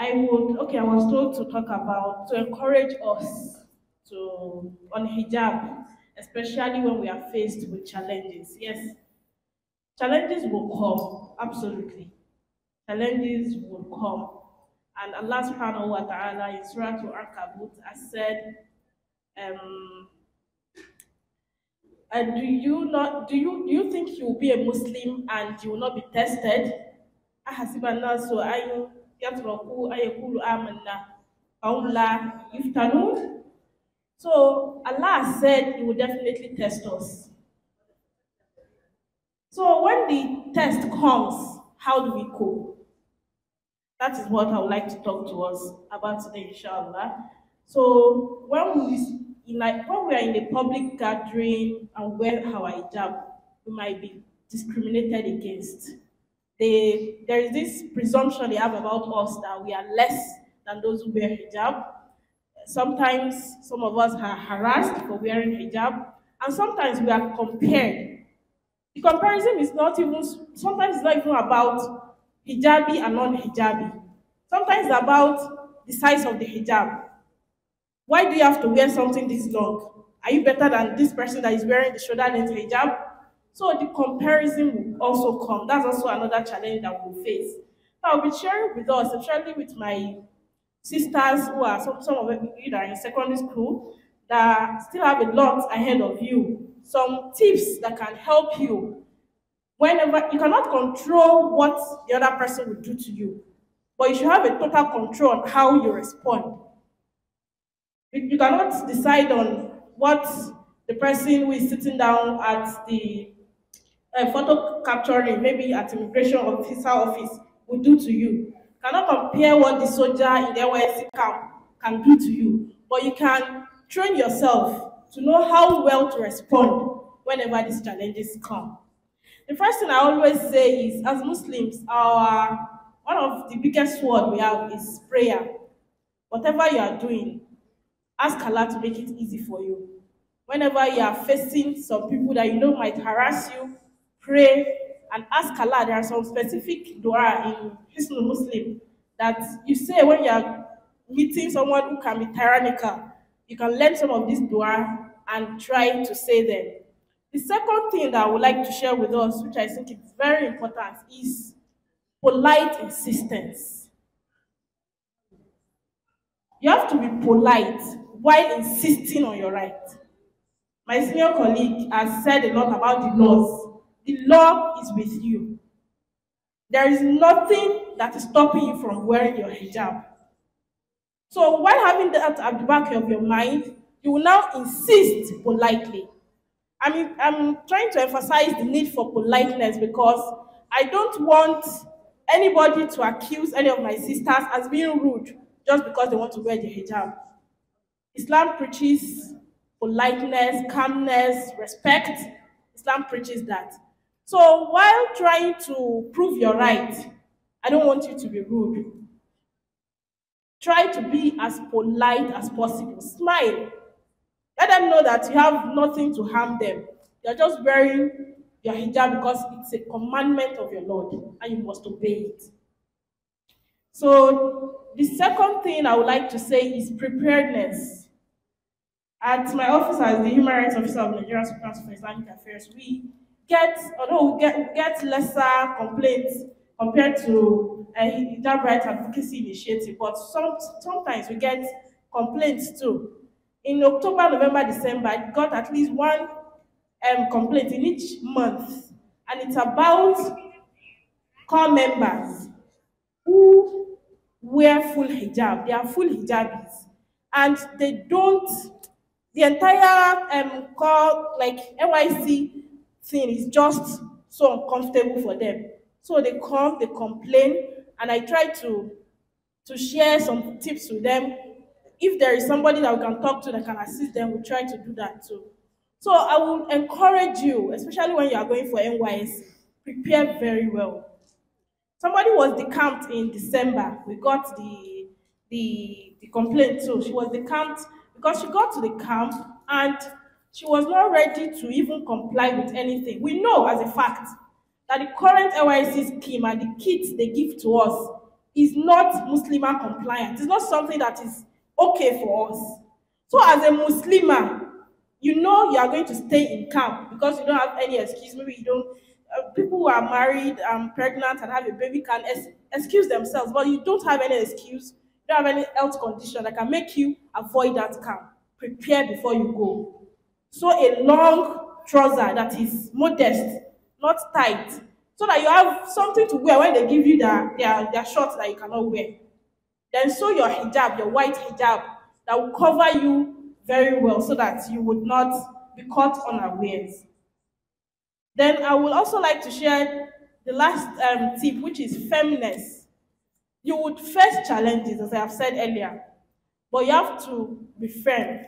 I would, okay, I was told to talk about, to encourage us to, on hijab, especially when we are faced with challenges. Yes, challenges will come, absolutely. Challenges will come. And Allah subhanahu wa ta'ala in Surah to ankabut has said, um, uh, do you not do you do you think you will be a Muslim and you will not be tested? أحسب الناس أن يتركوا أن يقولوا آمنا قوم So Allah said He will definitely test us. So when the test comes, how do we cope? That is what I would like to talk to us about today, inshallah. So when we like when we are in a public gathering and wear our hijab, we might be discriminated against they, there is this presumption they have about us that we are less than those who wear hijab. Sometimes some of us are harassed for wearing hijab, and sometimes we are compared. The comparison is not even, sometimes it's not even about hijabi and non-hijabi. Sometimes it's about the size of the hijab. Why do you have to wear something this long? Are you better than this person that is wearing the shoulder length hijab? So the comparison will also come. That's also another challenge that we'll face. I'll be sharing with us, especially with my sisters who are some, some of you that are in secondary school, that still have a lot ahead of you. Some tips that can help you. Whenever you cannot control what the other person will do to you, but you should have a total control on how you respond. You, you cannot decide on what the person who is sitting down at the uh, photo capturing, maybe at immigration officer office, will do to you. Cannot compare what the soldier in the NYC camp can do to you, but you can train yourself to know how well to respond whenever these challenges come. The first thing I always say is, as Muslims, our one of the biggest word we have is prayer. Whatever you are doing, ask Allah to make it easy for you. Whenever you are facing some people that you know might harass you, pray, and ask Allah. There are some specific dua in Islam Muslim that you say when you are meeting someone who can be tyrannical. You can learn some of these dua and try to say them. The second thing that I would like to share with us, which I think is very important, is polite insistence. You have to be polite while insisting on your right. My senior colleague has said a lot about the laws the law is with you. There is nothing that is stopping you from wearing your hijab. So while having that at the back of your mind, you will now insist politely. I mean, I'm trying to emphasize the need for politeness because I don't want anybody to accuse any of my sisters as being rude just because they want to wear the hijab. Islam preaches politeness, calmness, respect. Islam preaches that. So while trying to prove your right, I don't want you to be rude. Try to be as polite as possible. Smile. Let them know that you have nothing to harm them. You're just wearing your hijab because it's a commandment of your Lord and you must obey it. So the second thing I would like to say is preparedness. At my office as the human rights officer of Nigeria Council for Islamic Affairs, we get, although we get, we get lesser complaints compared to uh, hijab right advocacy initiative, but some, sometimes we get complaints too. In October, November, December, I got at least one um, complaint in each month, and it's about core members who wear full hijab. They are full hijabis, and they don't. The entire um, core, like NYC, thing is just so uncomfortable for them. So they come, they complain, and I try to to share some tips with them. If there is somebody that we can talk to that can assist them, we try to do that too. So I would encourage you, especially when you are going for NYS, prepare very well. Somebody was decamped in December. We got the the, the complaint too. She was decamped because she got to the camp and she was not ready to even comply with anything. We know as a fact that the current LYC scheme and the kits they give to us is not Muslima compliant. It's not something that is okay for us. So as a Muslima, you know you are going to stay in camp because you don't have any excuse. Maybe you don't, uh, people who are married um, pregnant and have a baby can excuse themselves, but you don't have any excuse. You don't have any health condition that can make you avoid that camp. Prepare before you go. sew a long trouser that is modest, not tight, so that you have something to wear when they give you their, their, their shorts that you cannot wear. Then sew your hijab, your white hijab, that will cover you very well so that you would not be caught unawares. Then I would also like to share the last um, tip, which is firmness. You would face challenges, as I have said earlier, but you have to be firm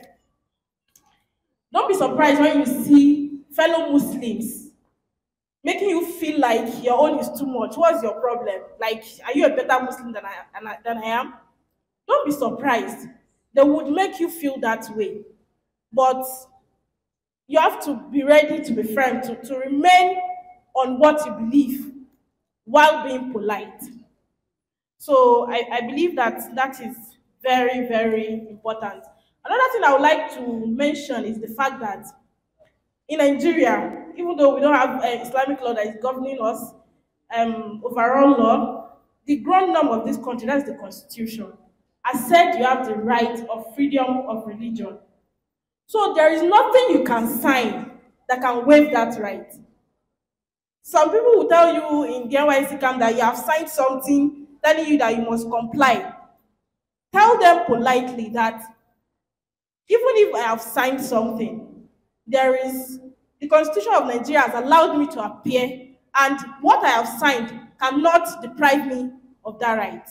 Don't be surprised when you see fellow Muslims making you feel like your own is too much. What's your problem? Like, are you a better Muslim than I, than I am? Don't be surprised. They would make you feel that way. But you have to be ready to be firm, to, to remain on what you believe while being polite. So I, I believe that that is very, very important. Another thing I would like to mention is the fact that in Nigeria, even though we don't have an eh, Islamic law that is governing us, um, overall law, the ground norm of this country, that's the constitution, has said you have the right of freedom of religion. So there is nothing you can sign that can waive that right. Some people will tell you in the NYC camp that you have signed something telling you that you must comply. Tell them politely that even if I have signed something, there is the Constitution of Nigeria has allowed me to appear, and what I have signed cannot deprive me of that right.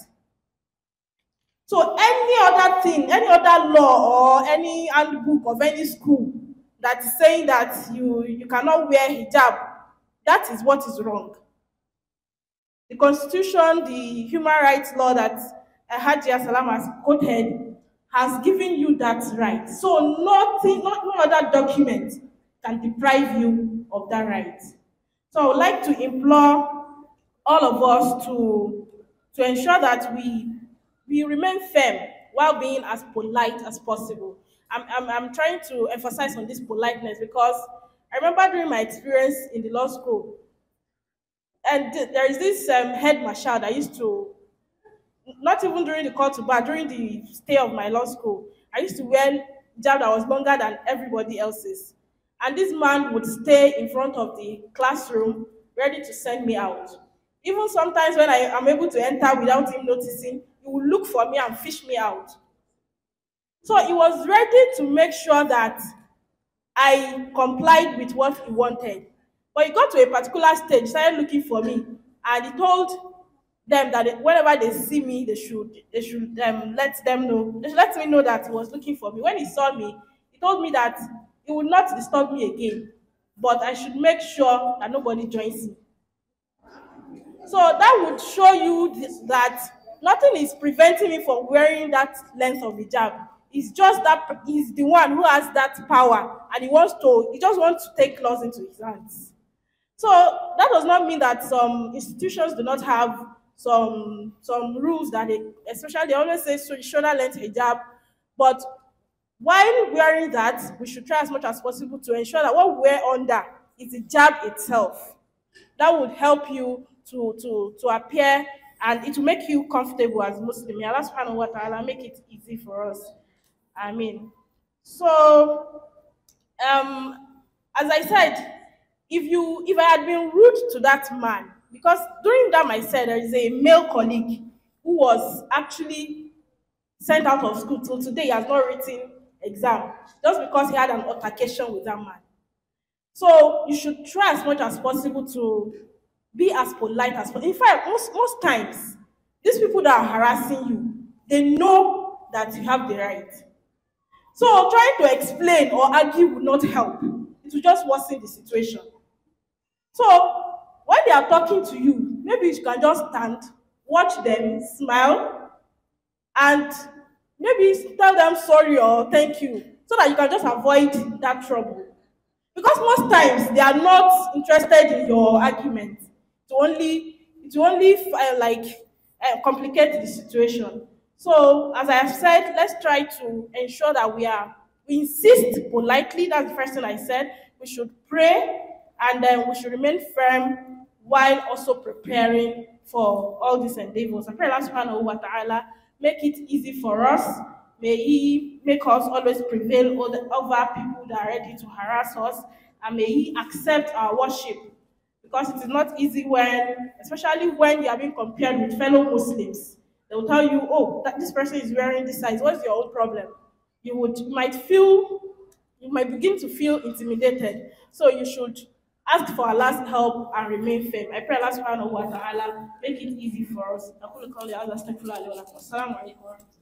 So any other thing, any other law or any handbook of any school that is saying that you, you cannot wear hijab, that is what is wrong. The constitution, the human rights law that Haji Asalam has quoted has given you that right. So nothing, not, no other document can deprive you of that right. So I would like to implore all of us to, to ensure that we, we remain firm while being as polite as possible. I'm, I'm, I'm trying to emphasize on this politeness because I remember during my experience in the law school, and th there is this um, head marshal that used to not even during the court, bar, during the stay of my law school, I used to wear job that was longer than everybody else's. And this man would stay in front of the classroom ready to send me out. Even sometimes when I am able to enter without him noticing, he will look for me and fish me out. So he was ready to make sure that I complied with what he wanted. But he got to a particular stage, started looking for me, and he told them that they, whenever they see me, they should they should um, let them know. They should let me know that he was looking for me. When he saw me, he told me that he would not disturb me again, but I should make sure that nobody joins me. So that would show you this, that nothing is preventing me from wearing that length of hijab. It's just that he's the one who has that power, and he wants to. He just wants to take laws into his hands. So that does not mean that some institutions do not have some some rules that they especially they always say shoulder length hijab, but while wearing that, we should try as much as possible to ensure that what we wear under is the jab itself. That would help you to to to appear and it will make you comfortable as Muslim. May Allah subhanahu what ta'ala make it easy for us. I mean, so um, as I said, if you if I had been rude to that man, because during that said there is a male colleague who was actually sent out of school till today. He has not written exam just because he had an altercation with that man. So you should try as much as possible to be as polite as possible. In fact, most, most times, these people that are harassing you, they know that you have the right. So trying to explain or argue will not help. It will just worsen the situation. So when they are talking to you, maybe you can just stand, watch them, smile, and maybe tell them sorry or thank you so that you can just avoid that trouble. Because most times they are not interested in your argument. It only it only uh, like uh, complicate the situation. So as I have said, let's try to ensure that we are we insist politely. That's the first thing I said. We should pray and then we should remain firm while also preparing for all these endeavors. And pray Allah subhanahu wa ta'ala make it easy for us. May He make us always prevail over people that are ready to harass us. And may He accept our worship. Because it is not easy when, especially when you are being compared with fellow Muslims. They will tell you, oh, that this person is wearing this size. What's your own problem? You would you might feel, you might begin to feel intimidated. So you should ask for Allah's help and remain firm. I pray Allah subhanahu wa ta'ala make it easy for us.